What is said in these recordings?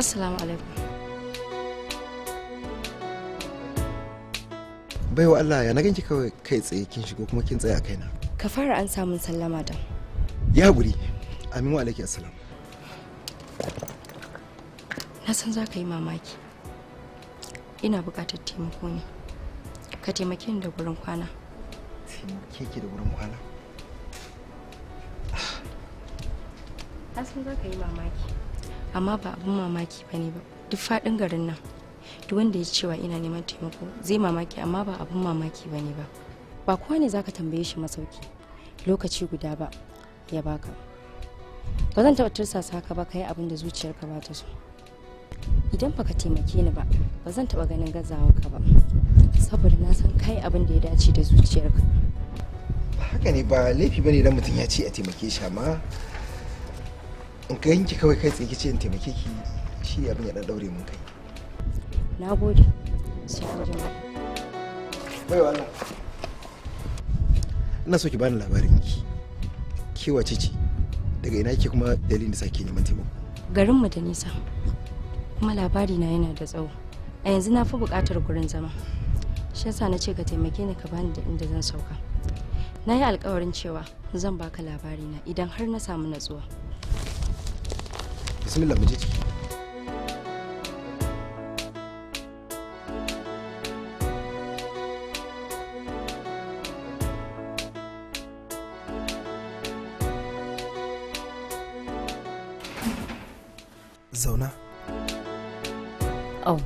assalamu alaikum baiwa Allah ya na ganki kawai kai tsaye kin shigo kuma kin tsaya kaina ka fara an samun sallama da ya guri aminu alaiki assalam na san za ka yi mamaki ina buƙatar taimako ne ka taimake ni da gurin kwana ke ke da gurin kwana na san za ka yi mamaki amma ba abin mamaki ba ne ba duk faɗin garin nan duk wanda ya cewa ina neman taimako zai mamaki amma ba abin mamaki ba ne ba ba kowa ne zaka tambaye shi masauki lokaci guda ba ya baka ba zan taɓa tursasa ka ba ka yi abin da zuciyarka ba ta so idan baka taimake ni ba ba zan taɓa ganin ka ba saboda na san kai abin da ya dace da zuciyarka haka ne ba laifi ne dan mutum ya ce a taimake shi amma in ka yanki kawai kai tsaye kici in taimake ki shi abin ya dan daure mun kai na gode sai an jima bai wannan ina so ki bani labarin ki ke wace ce daga ina ke kuma dalilin da sake neman taimako garin mu da nisa kuma labari na yana da tsawo a yanzu na fi bukatar gurin zama shi yasa na ce ka taimake ni ka bani da inda zan sauka na yi alkawarin cewa zan baka labari na idan har na samu natsuwa bismillah mu je zauna. Au,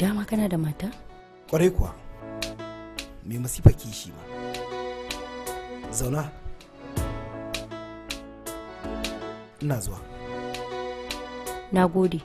dama kana da mata? Kwarai kuwa, mai masifa kishi ba. Zauna. Ina zuwa. Na gode.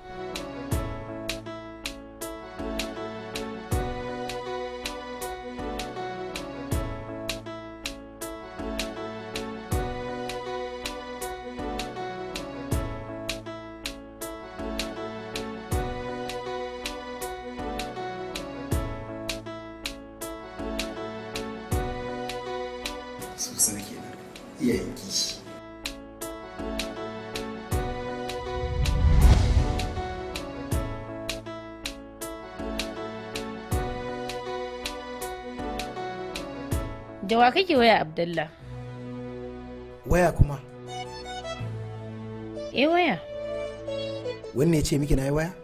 Jawa kake waya abdullah waya kuma eh waya wanne ya ce miki na yi waya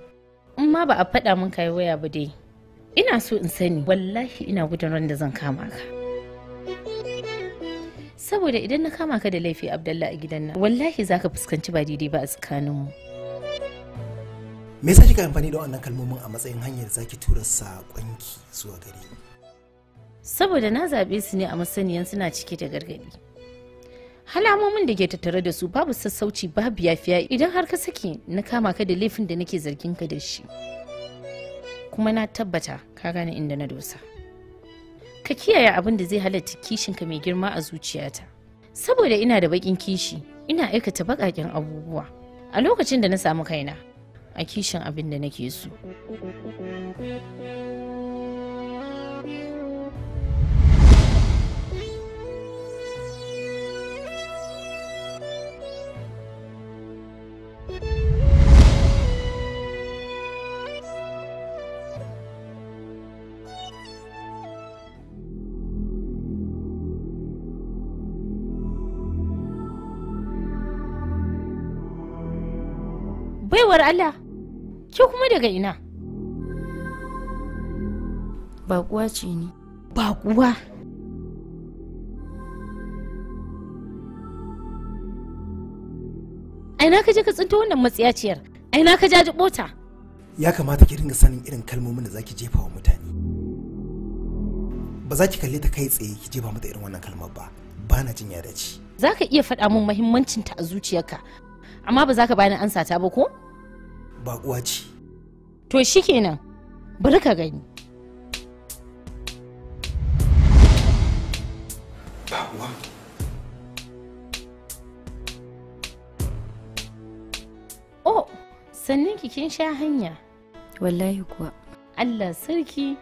in ma ba a faɗa min ka yi waya ba dai ina so in sani wallahi ina gudun ran da zan kama ka saboda idan na kama ka da laifi abdullah a gidan nan wallahi za ka fuskanci ba daidai ba a tsakaninmu me yasa kika amfani da wannan kalmomin a matsayin hanyar zaki tura saƙonki zuwa gare ni saboda na zaɓe su ne a masaniyan suna cike da gargaɗi halamomin da ke tattare da su babu sassauci babu yafiya idan har ka saki na kama ka da laifin da nake zargin ka da shi kuma na tabbata ka gane inda na dosa ka kiyaye abin da zai halatta ka mai girma a zuciyata saboda ina da bakin kishi ina aikata baƙaƙen abubuwa a lokacin da na samu kaina a kishin abin da nake so baiwar Allah ke kuma daga ina baƙuwa ce ni baƙuwa aina ka je ka tsinto wannan matsiyaciyar aina ka jaji bota ya kamata ki ringa sanin irin kalmomin da zaki jefa wa mutane ba za ki kalle ta kai tsaye ki jefa mata irin wannan kalmar ba ba na jin ya dace za ka iya faɗa min muhimmancinta a zuciyarka amma ba za ka bani ansa ta ba ko baƙuwa ce to shi bari ka gani baƙuwa oh sannan ki kin sha hanya wallahi kuwa allah sarki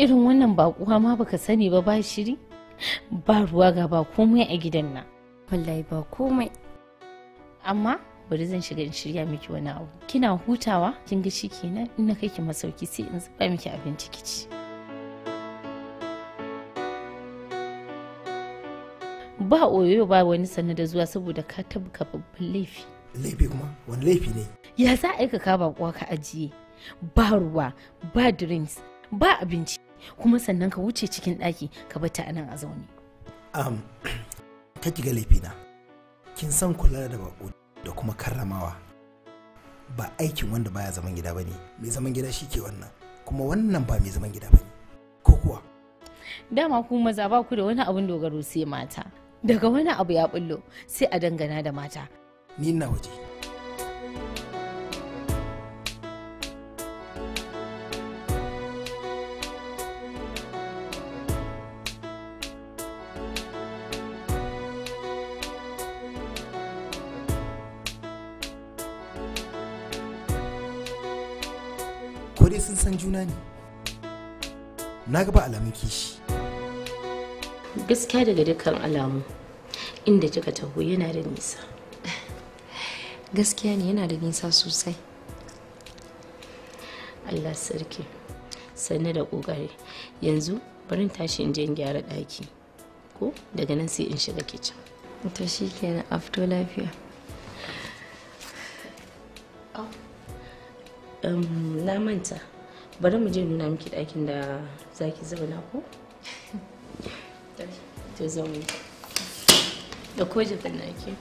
irin wannan bakuwa ma baka sani ba ba shiri ba ruwa ga ba komai a gidan nan wallahi ba komai amma bari zan shiga in shirya miki wani abu kina hutawa kin ga kenan in na kai masauki sai in zuba miki abinci ki ci ba oyoyo ba wani sannu da zuwa saboda ka tabka babban laifi laifi kuma wani laifi ne ya za a aika ka bakuwa ka ajiye ba ruwa ba drinks ba abinci kuma sannan ka wuce cikin ɗaki ka bata a nan a zaune um, ki ga laifi na kin san kula da bakoni. da kuma karramawa ba aikin wanda baya zaman gida ba ne mai zaman gida shi ke wannan kuma wannan ba mai zaman gida ba ne ko kuwa dama ku maza ba ku da wani abin dogaro sai mata daga wani abu ya bullo sai a dangana da mata ni na waje juna ne na gaba alamun kishi gaskiya daga dukkan alamu inda kika taho yana da nisa gaskiya ne yana da nisa sosai allah sarki sannu da ƙoƙari yanzu barin tashi in je in gyara daki ko daga nan sai in shiga kicin ta shi kenan na afto lafiya na manta bari mu je nuna miki ɗakin da zaki ki zauna ko? to zo da ko jibin naki.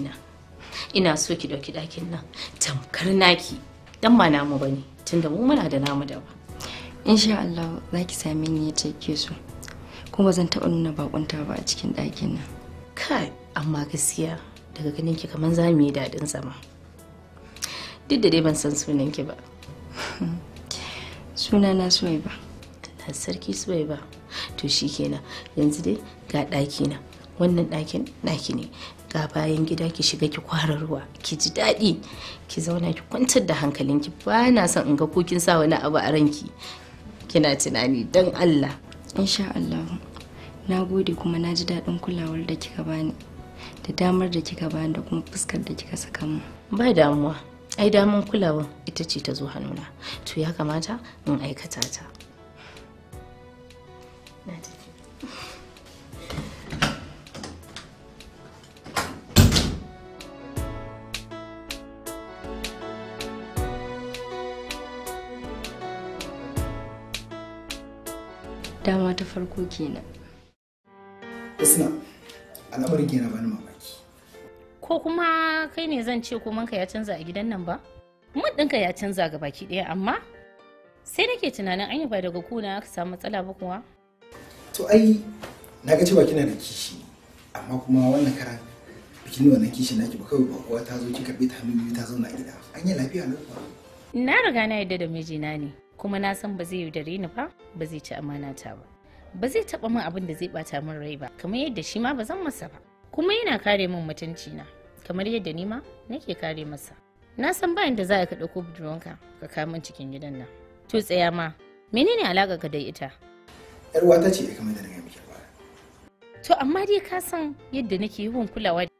na ina so ki ɗauki ɗakin nan tamkar naki dan ba namu ba ne tunda mu muna da namu da ba insha Allah za ki sami ni yadda ke so kuma zan taɓa nuna bakunta ba a cikin ɗakin nan kai amma gaskiya daga ganin ki kamar za mu yi daɗin zama duk da dai ban san sunan ki ba suna na suwaiba na sarki suwaiba to shikenan yanzu dai ga ɗaki na wannan ɗakin ɗaki ne ga bayan gida ki shiga ki kwara ruwa ki ji daɗi ki zauna ki kwantar da hankalinki ba na son in ga ko kin sa wani abu a ranki kina tunani dan Allah insha Allah na gode kuma na ji daɗin kulawar da kika bani da damar da kika bani da kuma fuskar da kika saka mu ba damuwa ai daman kulawa ita ce ta zo hannuna to ya kamata in aikata ta na dama ta farko kenan isna al'amarin kenan na bani mamaki ko kuma kai ne zan ce komanka ya canza a gidan nan ba mun ɗinka ya canza ga baki ɗaya amma sai nake tunanin an yi ba daga kuna aka samu matsala ba kuwa to ai na ga cewa kina da kishi amma kuma wannan karan bikin wannan kishi naki ba kawai kowa ta zo ki karbe ta hannu ta zauna a gida an yi lafiya nan ba na riga na yadda da mijina ne kuma na san ba zai yaudare ni ba ba zai ci amana ta ba ba zai taba min abin da zai bata min rai ba kamar yadda shi ma ba zan masa ba kuma yana kare min mutunci na kamar yadda ni ma nake kare masa na san bayan da za ka ɗauko budurwanka ka kawo min cikin gidan nan to tsaya ma menene alaƙa ka da ita yar uwata ce ya kamar da na miki to amma dai ka san yadda nake yawan kulawa da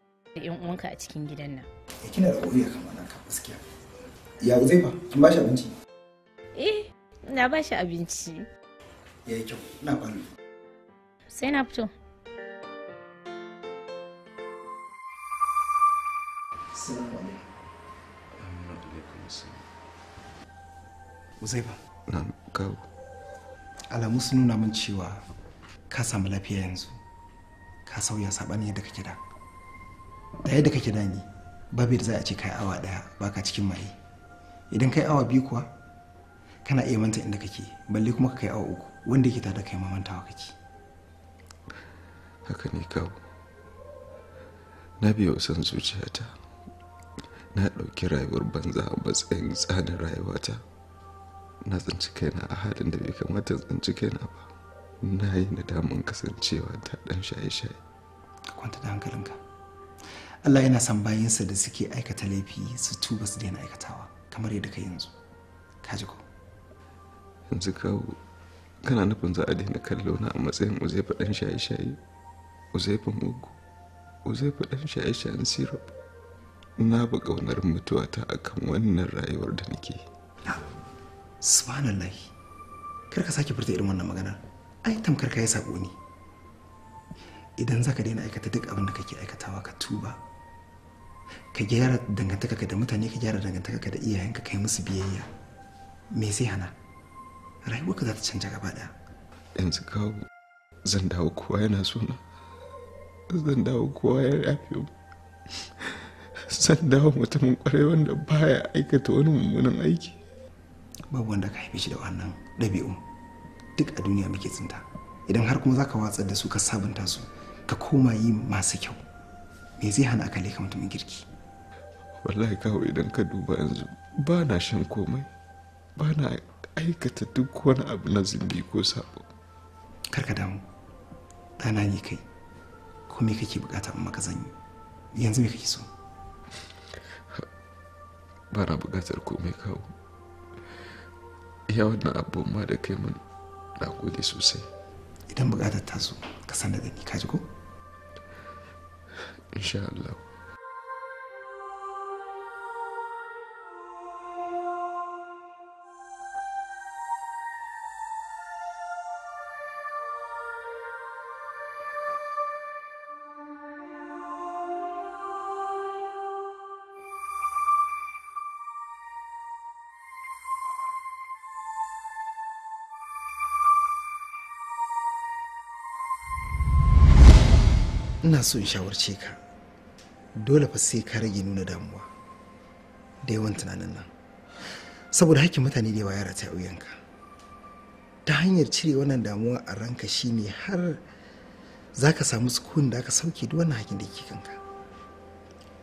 yan uwanka a cikin gidan nan eh, kina da wuri kamar nan ka gaskiya ya uzai ba kin ba shi abinci eh na ba abinci ya yi kyau na sai na fito Na kawo. Alamu sun nuna min cewa ka samu lafiya yanzu. Ka sauya saɓani yadda kake da. Da yadda kake da ni, babu da za a ce kai awa ɗaya baka cikin mai Idan kai awa biyu kuwa, kana iya manta inda kake balle kuma ka kai awa uku wanda yake tada kai mamantawa kake haka ne kawo na biya wasan zuciyata na ɗauki rayuwar banza a matsayin tsarin rayuwata na tsinci kaina a halin da bai kamata tsinci kaina ba na yi damun kasancewa ta ɗan shaye-shaye ka kwanta da hankalinka Allah yana son bayansa da suke aikata laifi su tuba su daina aikatawa kamar yadda ka yanzu ka ji yanzu kawo kana nufin za a daina kallo na a matsayin uzaifa dan shaye-shaye uzaifa mugu uzaifa dan shaye-shayen syrup na ba ƙaunar mutuwata akan wannan rayuwar da nake subhanallah kar ka sake furta irin wannan maganar ai tamkar ka yi sako ne idan za ka daina aikata duk abin da kake aikatawa ka tuba ka gyara dangantakarka da mutane ka gyara dangantakaka da iyayenka kai musu biyayya me zai hana ka za ta canja gaba ɗaya yanzu kawo zan dawo kowa yana suna zan dawo kowa ya rafi zan dawo mutumin kwarai wanda baya aikata wani mummunan aiki babu wanda ka haifi shi da wannan ɗabi'u duk a duniya muke tsinta idan har kuma ka watsa da su ka sabunta su ka koma yi masu kyau me zai hana aka leka mutumin girki wallahi kawo idan ka duba yanzu ba na shan komai ba na aikata duk wani abu na zumbi ko sabo karka damu dana ne kai ko me kake bukata in maka zanyi yanzu me kake so ba na bukatar komai kawo ya wannan abu ma da kai mun na gode sosai idan bukatar ta so ka san da ni ka ji ko insha Allah ina so in shawarce ka dole fa sai ka rage nuna damuwa da yawan tunanin nan saboda hakkin mutane da yawa yara ta ka ta hanyar cire wannan damuwa a ranka shine har za ka samu sukun da aka sauke duk wannan hakkin da ke kanka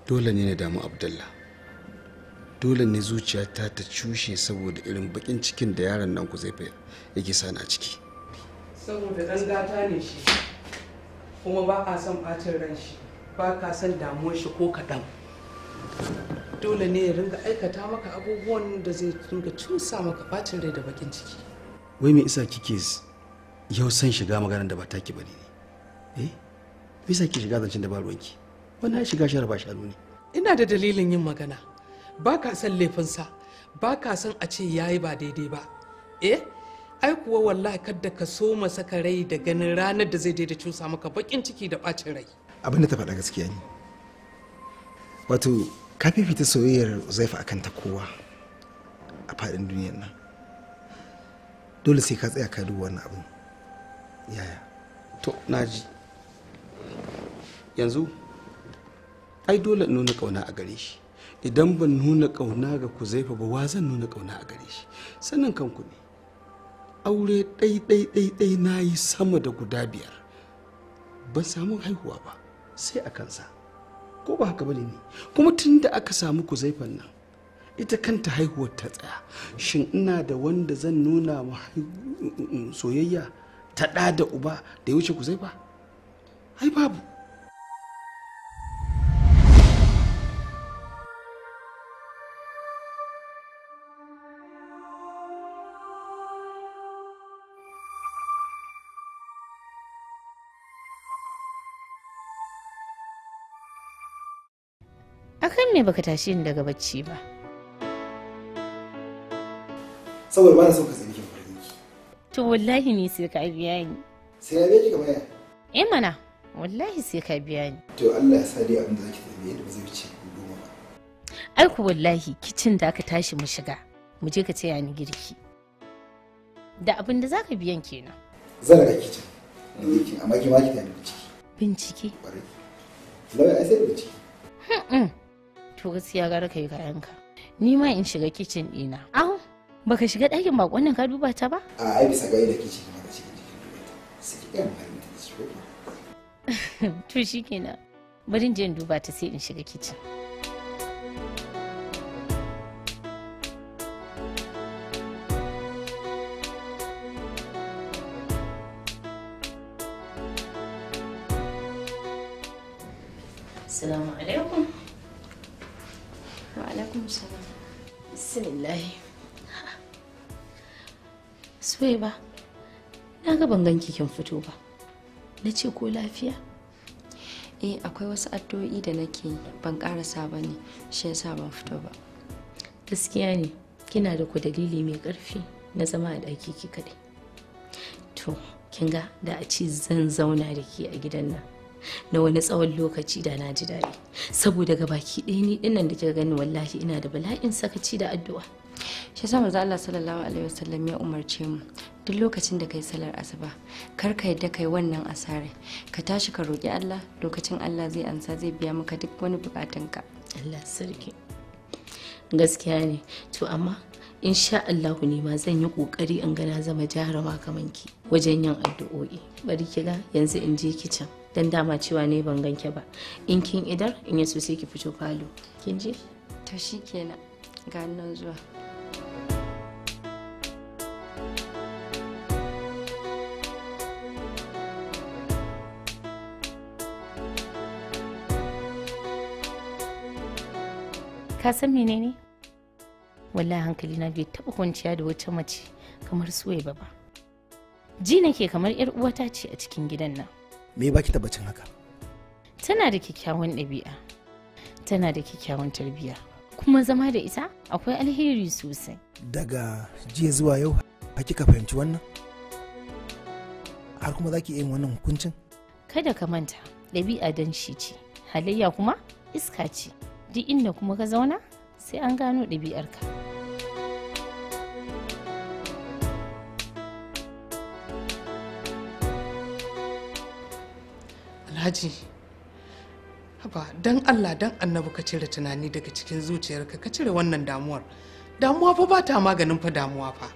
dole ne na damu abdullah dole ne zuciyata ta cushe saboda irin bakin cikin da yaron nan ku zai yake sani a ciki saboda gangata ne shi kuma ba a son ɓacin ran shi ba ka son damuwar shi ko kaɗan dole ne ya ringa aikata maka abubuwan da zai ringa cusa maka ɓacin rai da bakin ciki wai me isa kike yau san shiga maganar da ba taki bane ne eh me isa ki shiga zancen da ba ruwanki wannan shiga shara ba shanu ne ina da dalilin yin magana ba ka son laifinsa ba ka son a ce yayi ba daidai ba eh ai kuwa wallahi kadda ka so masa ka rai da ganin ranar da zai daida cusa maka bakin ciki da bacin rai abin da ta faɗa gaskiya ne wato ka fifita soyayyar zaifa a kanta kowa a faɗin duniyar nan dole sai ka tsaya ka duba wannan abin yaya to ji yanzu ai dole nuna kauna a gare shi idan ban nuna kauna ga ku zaifa ba wa zan nuna kauna a gare shi sannan kanku ne aure ɗai-ɗai-ɗai na yi sama da guda biyar ban samu haihuwa ba sai a kansa ko ba haka bane ne kuma tun da aka samu kuzaifan nan ita kanta haihuwar ta tsaya shin ina da wanda zan nuna ma mm, mm, mm, soyayya ta ɗa da uba da ya wuce kuzaifa ai babu ne baka tashi ni daga bacci ba saboda ba na so ka sani kin farin ciki to wallahi ne sai ka biya ni sai ya biya ki kamar ya eh mana wallahi sai ka biya ni to Allah ya sa dai abin da zaki tambaye yadda ba zai wuce goma ba ai ku wallahi kicin da aka tashi mu shiga mu je ka taya ni girki da abin da zaka biyan kenan zan ga kicin da amma ki ma ki tana ciki bincike ƙwarai Lawai ai sai bincike to gaskiya gara ka yi ka. ni ma in shiga kicin dina. au baka shiga ɗakin ba nan ka duba ta ba a ai bisa ga da kicin ma ka shiga kicin duba ta sai ki amfani da shi to shikenan bari in je in duba ta sai in shiga kicin Suwai ba, na ga ban ganki kin fito ba. Na ce ko lafiya? Eh akwai wasu addu'o'i da nake ban karasa ba ne, shi yasa ban fito ba. Gaskiya ne, kina da ku dalili mai karfi na zama a ɗaki ki kaɗai. To, kin ga da a ci zan zauna da ke a gidan nan. na wani tsawon lokaci da na ji daɗi saboda ga baki ɗaya ni ɗinnan da kika gani wallahi ina da bala'in sakaci da addu'a shi sa manzo Allah sallallahu alaihi wasallam ya umarce mu duk lokacin da kai salar asuba kar ka yadda kai wannan asare ka tashi ka roki Allah lokacin Allah zai ansa zai biya maka duk wani bukatunka Allah sarki gaskiya ne to amma insha Allah ne ma zan yi kokari in ga na zama jarawa kaman ki wajen yin addu'o'i bari ki yanzu in je kicin dan dama cewa ne ban ganke ba in kin idar in yaso sai ki fito falo kin je to shikenan ga nan zuwa ka san menene wallahi hankali na bai taba kwanciya da wata mace kamar suwai ba ji nake kamar yar uwata ce a cikin gidan nan me baki tabbacin haka tana da kyakkyawan ɗabi'a tana da kyakkyawan tarbiyya kuma zama da ita akwai alheri sosai daga jiya zuwa yau hakika fahimci wannan har kuma za yin wannan hukuncin kada ka manta ɗabi'a don shi ce halayya kuma iska ce duk inda kuma ka zauna sai an gano ɗabi'ar ɗabi'arka alhaji haba don allah don annabi ka cire tunani daga cikin zuciyarka ka cire wannan damuwar damuwa fa ba ta maganin fa damuwa fa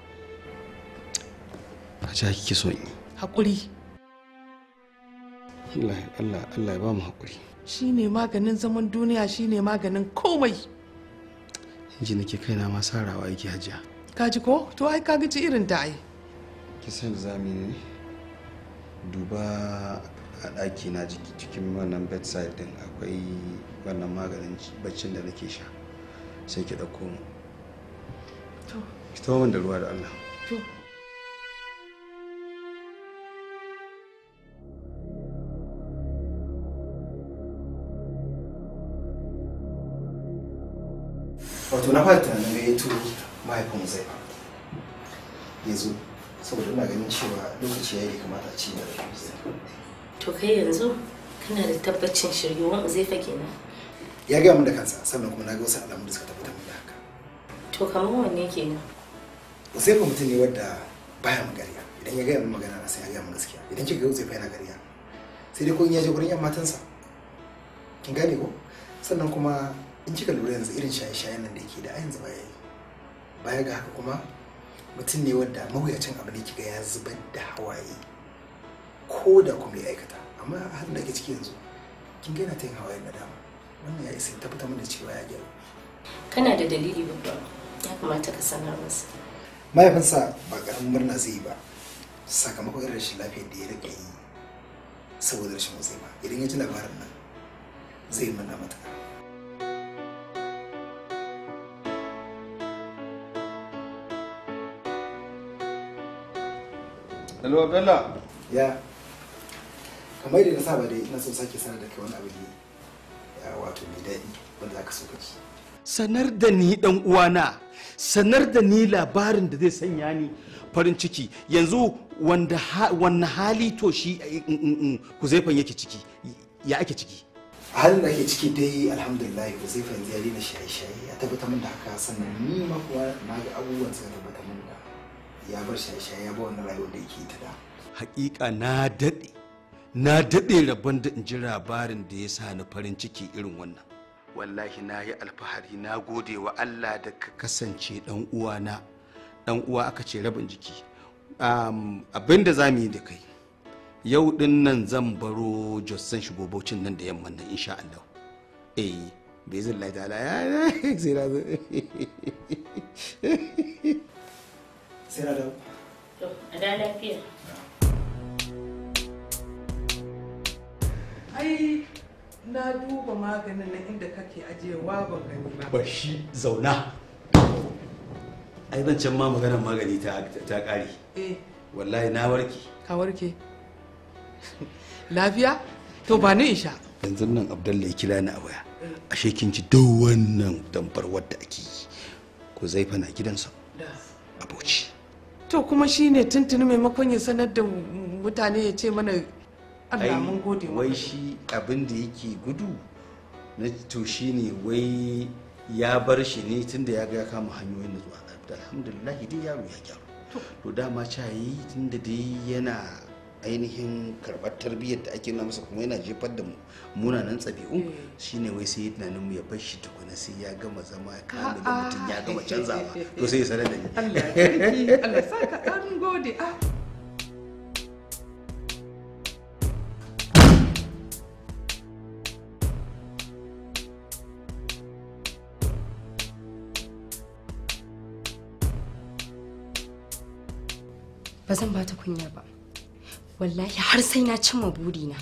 a ci kike so in yi haƙuri allah allah ya ba mu Shi shine maganin zaman duniya shine maganin komai inji nake kaina ma sarawa yake hajiya kaji ko to ai ka gaji irin ta ai kisan zami duba a ɗaki na cikin wannan bedside din akwai wannan maganin baccin da nake sha sai ki ɗauko mu ki tawo da ruwa da Allah wato na fara tunanin ya yi turu mahaifin zai ya zo saboda ina ganin cewa lokaci ya yi kamata a ci da zai to kai yanzu kana da tabbacin shirye, zai uzaifa kenan ya gaya min da kansa sannan kuma na ga wasu alamu da suka tabbatar min da haka to kamar wanne kenan uzaifa mutum ne wanda baya magariya idan ya gaya min magana na sai ya gaya min gaskiya idan kika ga uzaifa yana gariya sai dai ko in ya je gurin yan matansa kin gane ko sannan kuma in kika lura yanzu irin shaye-shayen nan da yake da a yanzu baya yi baya ga haka kuma mutum ne wanda mawuyacin abu ne kiga ya zubar da hawaye ko da kuma ya aikata amma har da ke ciki yanzu kin gaina ta yin hawaye na dama wannan ya isa tabbatar mana cewa ya gyaru kana da dalili babba ya kamata ka sanar masa mahaifinsa ba karamin murna zai yi ba sakamakon irin rashin lafiyar da ya rage yi saboda rashin motsi ba idan ya ji labarin nan zai murna mata Hello, Bella. Yeah. kamar yadda na saba dai ina so sake sanar da kai wani abu ne wato mai daɗi wanda zaka so kaci sanar da ni dan uwana sanar da ni labarin da zai sanya ni farin ciki yanzu wanda wanne hali to shi huzaifan eh, mm, mm, mm, yake ciki ya ake ciki halin da ake ciki dai alhamdulillah huzaifan ya daina shaye-shaye ya tabbatar min da haka sannan ni ma kuwa na ga abubuwan suka tabbata min da ya bar shaye-shaye ya ba wannan rayuwar da yake ta da Haƙiƙa na daɗe na daɗe rabon da in ji labarin da ya sa ni farin ciki irin wannan wallahi na yi alfahari na gode wa allah da ka kasance ɗan uwana ɗan uwa aka ce rabin jiki um, abin da za mu yi da kai yau ɗin nan zan baro jossan shugobocin nan da yamman nan insha allah eh bai zai lai da ya sai na sai na da a da lafiya ai na duba maganin na inda kake ajiyewa ban gani ba ba shi zauna ai zan can ma maganar magani ta ta kare eh wallahi na warke ka warke lafiya to ba ni isha yanzu nan abdullahi ya kira ni a waya ashe kin ji duk wannan dambar wadda ake yi ko zai fana gidansa a bauchi to kuma shine tuntuni maimakon ya sanar da mutane ya ce mana Allah mun wai shi abin da yake gudu na to shine wai ya bar shi ne tunda ya ga ya kama hanyoyin zuwa alhamdulillah dai yaro ya gyaru to dama cha yi tunda dai yana ainihin karɓar tarbiyyar da ake nuna masa kuma yana jefar da munanan tsabi'u eh. shine wai sai tunanin mu ya bar shi tukuna sai ya gama zama ya kama da ah, ah. mutum ya gama canzawa to sai ya sanar da ni Allah ya sa ka gode ah. ba zan bata kunya ba wallahi har sai na cimma burina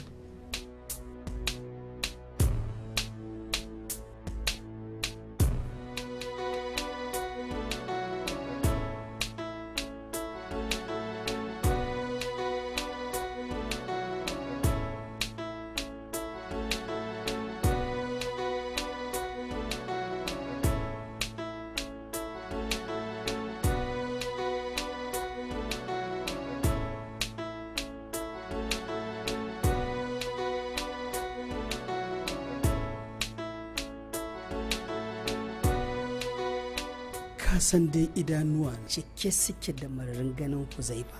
ka san dai idanuwa cike suke da mararin ganin ba.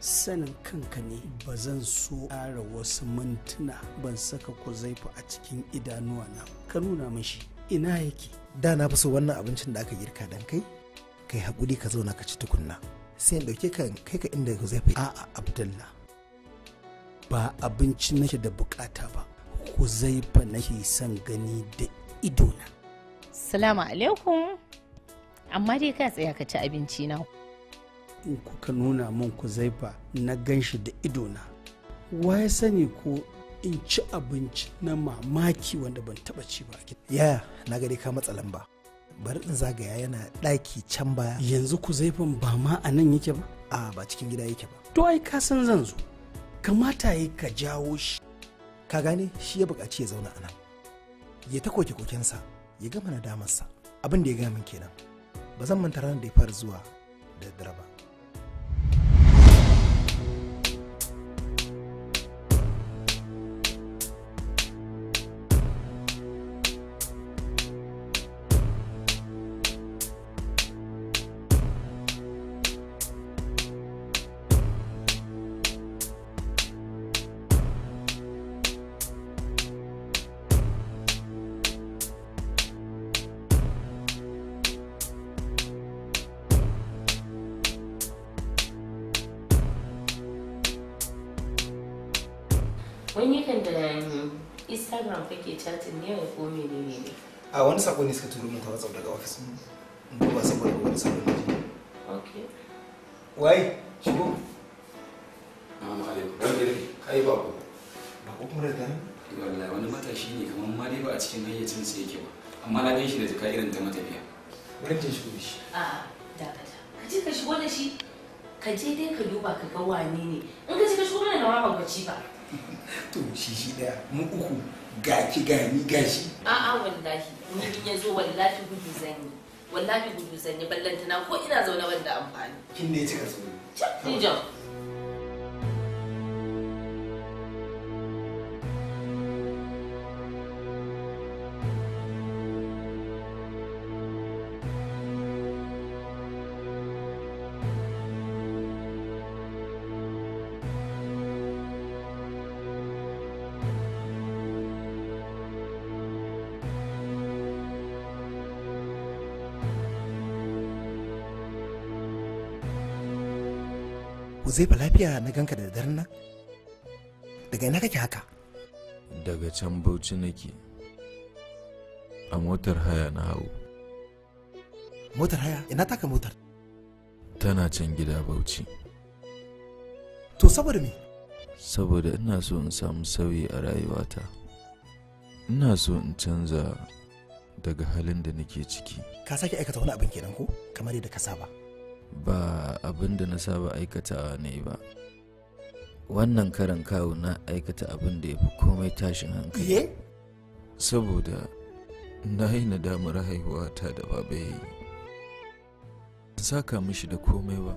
sanin kanka ne ba zan so ƙara wasu mintuna ban saka kuzaifa a cikin idanuwa na ka nuna mashi ina yake da na fi so wannan abincin da aka girka dan kai kai haƙuri ka zauna ka ci tukunna sai in ɗauke ka kai ka inda kuzaifa a'a abdulla ba abinci nake da bukata ba fa nake son gani da idona salamu alaikum amma dai ka tsaya ka ci abinci na in kuka nuna min ku zaifa na ganshi da idona wa ya sani ko in ci abinci na mamaki wanda ban taba ci ba ya na gari ka matsalan ba bari in zagaya yana ɗaki can baya yanzu ku zaifin ba ma a nan yake ba a ba cikin gida yake ba to ai ka san zan zo kamata yi ka jawo shi ka gane shi ya buƙaci ya zauna a nan ya ta koke kokensa ya gama nadamarsa abin da ya gamin kenan ba zan manta ranar da ya fara zuwa da dare ba a wani sako ne suka turo min ta daga ofis? mu ba saboda wani sako ne wai shigo Assalamu alaikum ran gidi kai ba ku ba ku kuma da wallahi wani matashi ne kamar ma dai ba a cikin hayyacin sa yake ba amma na gan shi da jaka irin ta matafiya wurin jin shigo shi a dakata ka je ka shigo da shi ka je dai ka duba ka ga wane ne in ka je ka shigo mana da wani ba to shi shi daya mu uku gaki gani gashi a'a wallahi ni ya zo wallahi gudu zan yi wallahi gudu zan ballantana ko ina zaune wanda amfani kin ne cika so ni Uzaifa lafiya na ganka da daren nan? Daga ina kake haka? Daga can Bauchi nake. A motar haya na hau. Motar haya? Ina taka motar? Tana can gida Bauchi. To saboda me? Saboda ina so in samu sauyi a rayuwata. Ina so in canza daga halin da nake ciki. Ka sake aikata wani abin kenan ko? Kamar yadda ka saba. ba abin da na saba aikatawa ne ba wannan karan kawo na aikata abin da ya fi komai tashin hankali saboda na yi nadamar haihuwata da babe ya yi saka mishi da komai ba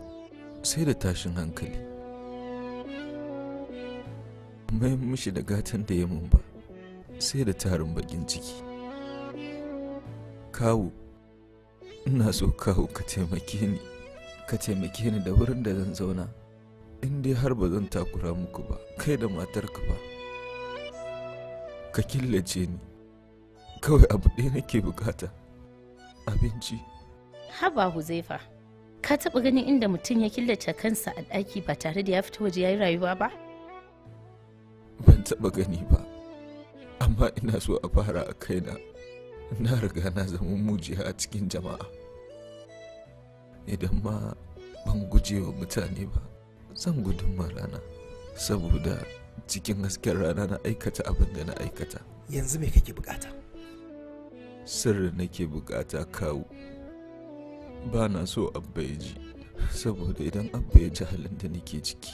sai da tashin hankali mai mishi da gatan da ya mun ba sai da tarin bakin ciki kawo ina so kawo ka taimake ni ka taimake ni da wurin da zan zauna in dai har ba zan takura muku ba kai da matarka ba ka killace ni kawai abu ɗaya nake bukata abinci haba huzaifa ka taɓa ganin inda mutum ya killace kansa a ɗaki ba tare da ya fita waje ya yi rayuwa ba ban taɓa gani ba amma ina so a fara a kaina na riga na zama mujiya a cikin jama'a idan ma ban guje wa mutane ba zan gudun rana saboda cikin hasken rana na aikata abin da na aikata yanzu me kake bukata sirri nake bukata kawo ba na so abba ya ji saboda idan abba ya ji halin da nake ciki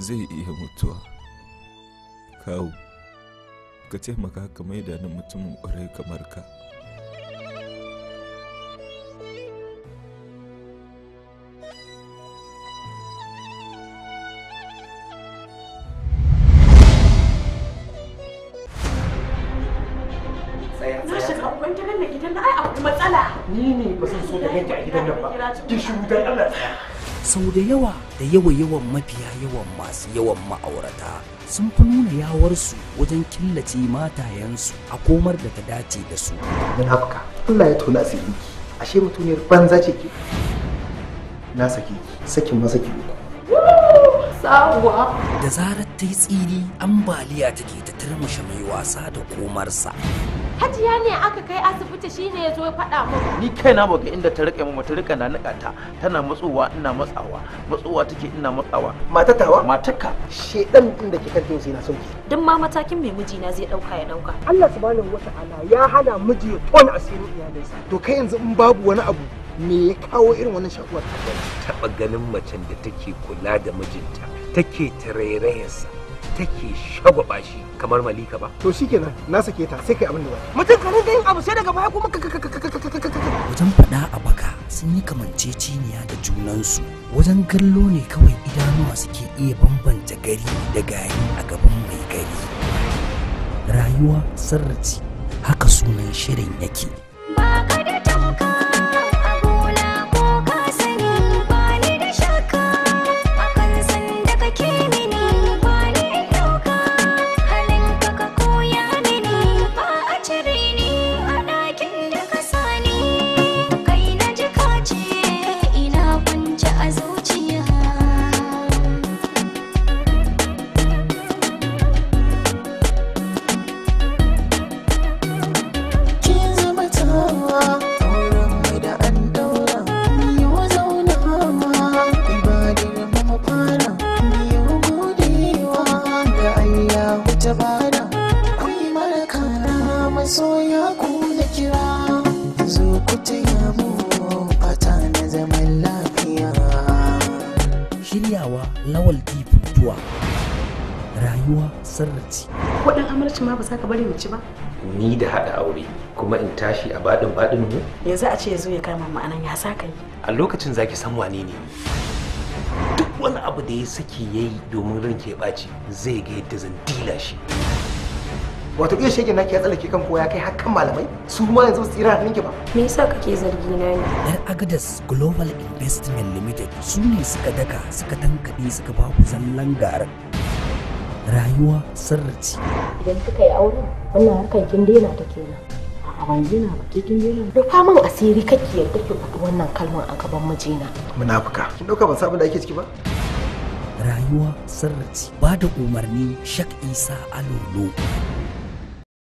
zai iya mutuwa kawo ka taimaka ka maida na mutumin kwarai kamar ka matsala ni ne ba zan so da yanke a gidan nan ba ki shiru dan Allah sau da yawa da yawa yawan mafiya yawan masu yawan ma'aurata sun fi nuna yawarsu wajen killace matayensu a komar da ta dace da su. Munafuka, Allah ya tona asirinki, ashe mutuniyar banza ce ke? Na saki, sakin maza ki uku. Da zarar ta yi tsiri, ambaliya take ta turmushe mai wasa da komarsa. hajiya ne aka kai asibiti shine ya zo ya faɗa mu ni kai na ga inda ta rike mu ta rika na nika ta tana matsowa ina matsawa matsowa take ina matsawa matatawa ka. shedan din da ke kan sai na sauki duk ma matakin mai miji na zai dauka ya dauka Allah subhanahu wata'ala ya hana miji ya tona asirin iyalinsa to kai yanzu in babu wani abu me ya kawo irin wannan shakuwar taba ganin macen da take kula da mijinta take tarairayarsa take shagwaba shi kamar malika ba to shikenan na sake ta sai kai abin da ba mutum ka rinka yin abu sai daga baya kuma wajen fada a baka sun yi kamanceceniya da junansu wajen gallo ne kawai idanuwa suke iya bambanta gari da gari a gaban mai gari rayuwa sarrace haka sunan shirin yake soya ku da kira zo ku taya mu fata na zaman lafiya shiryawa lawal difutuwa rayuwa sarrace kuɗin amarci ma ba za ka bari mu ci ba ni da haɗa aure kuma in tashi a baɗin baɗin mu yanzu a ce ya zo ya kama ma'anan ya sa ka yi a lokacin zaki san wane ne duk wani abu da ya saki yayi domin ranke ya ɓaci zai ga yadda zan dila shi wato iya shege naki ya tsallake kan koya kai hakan malamai su ma yanzu tsira hannunki ba me yasa kake zargi na ne yar agadas global investment limited su ne suka daka suka tankade suka ba ku zallan garin rayuwa sirrici idan kika yi auren wannan harkar kin daina ta kenan a banzina ba ke kin daina da faman asiri kake yadda ki faɗi wannan kalmar a gaban mijina munafuka kin dauka ban sabon da ake ciki ba rayuwa sirrici ba da umarni shak isa alolo